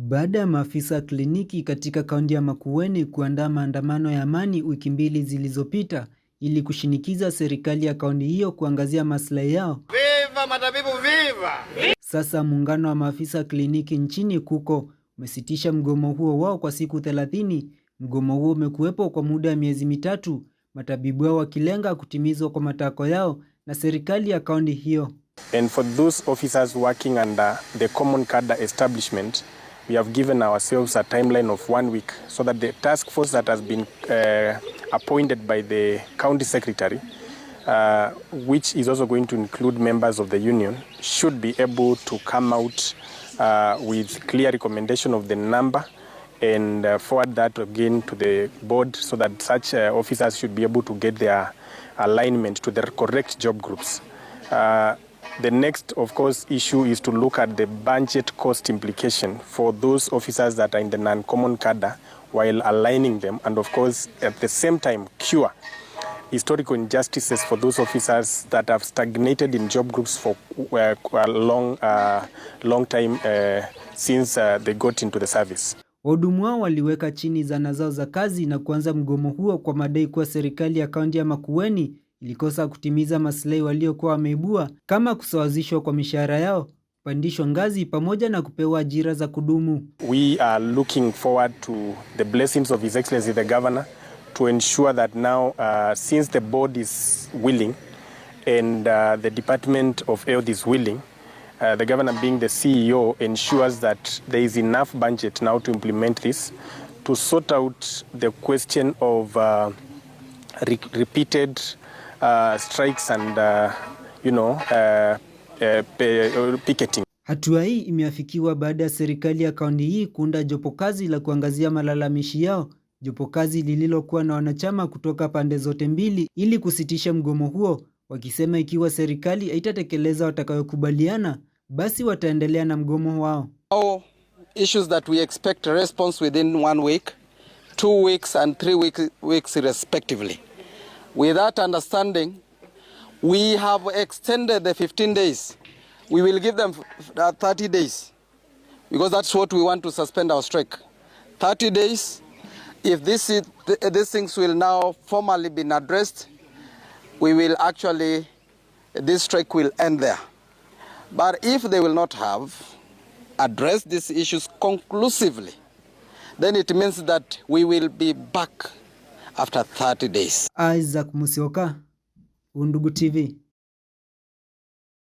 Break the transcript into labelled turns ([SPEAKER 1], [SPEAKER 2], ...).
[SPEAKER 1] Baada ya maafisa kliniki katika kaunti ya Makueni kuandaa maandamano ya amani wiki mbili zilizopita ili kushinikiza serikali ya kaunti hiyo kuangazia maslahi yao. Viva matabibu viva! Sasa muungano wa maafisa kliniki nchini kuko umesitisha mgomo huo wao kwa siku 30. Mgomo huo umekuwepo kwa muda wa miezi mitatu, matabibu hao wakilenga kutimizwa kwa matakwa yao na serikali ya kaunti hiyo.
[SPEAKER 2] And for those officers working under the common cadre establishment we have given ourselves a timeline of one week so that the task force that has been uh, appointed by the county secretary uh, which is also going to include members of the union should be able to come out uh, with clear recommendation of the number and uh, forward that again to the board so that such uh, officers should be able to get their alignment to the correct job groups. Uh, The next, of course, issue is to look at the budget cost implication for those officers that are in the non-common cadre while aligning them and, of course, at the same time, cure historical injustices for those officers that have stagnated in job groups for uh, a long, uh, long time uh, since uh, they got into the service.
[SPEAKER 1] Wahudumu hao waliweka chini zana zao za kazi na kuanza mgomo huo kwa madai kuwa serikali ya kaunti ya Makueni ilikosa kutimiza maslahi waliokuwa wameibua kama kusawazishwa kwa mishahara yao, kupandishwa ngazi pamoja na kupewa ajira za kudumu.
[SPEAKER 2] We are looking forward to the blessings of His Excellency the Governor to ensure that now uh, since the board is willing and uh, the Department of Health is willing Uh, the governor being the CEO ensures that there is enough budget now to implement this to sort out the question of uh, re repeated Uh, strikes and uh, you know, uh, uh, uh
[SPEAKER 1] Hatua hii imeafikiwa baada ya serikali ya kaunti hii kuunda jopo kazi la kuangazia malalamishi yao, jopo kazi lililokuwa na wanachama kutoka pande zote mbili ili kusitisha mgomo huo, wakisema ikiwa serikali haitatekeleza watakayokubaliana, basi wataendelea na mgomo wao.
[SPEAKER 3] issues that we expect a response within one week, two weeks and three weeks respectively. With that understanding, we have extended the 15 days. We will give them uh, 30 days because that's what we want to suspend our strike. 30 days. If this is, uh, these things will now formally be addressed, we will actually, this strike will end there. But if they will not have addressed these issues conclusively, then it means that we will be back after 30 days.
[SPEAKER 1] Isaac Musioka, Undugu TV.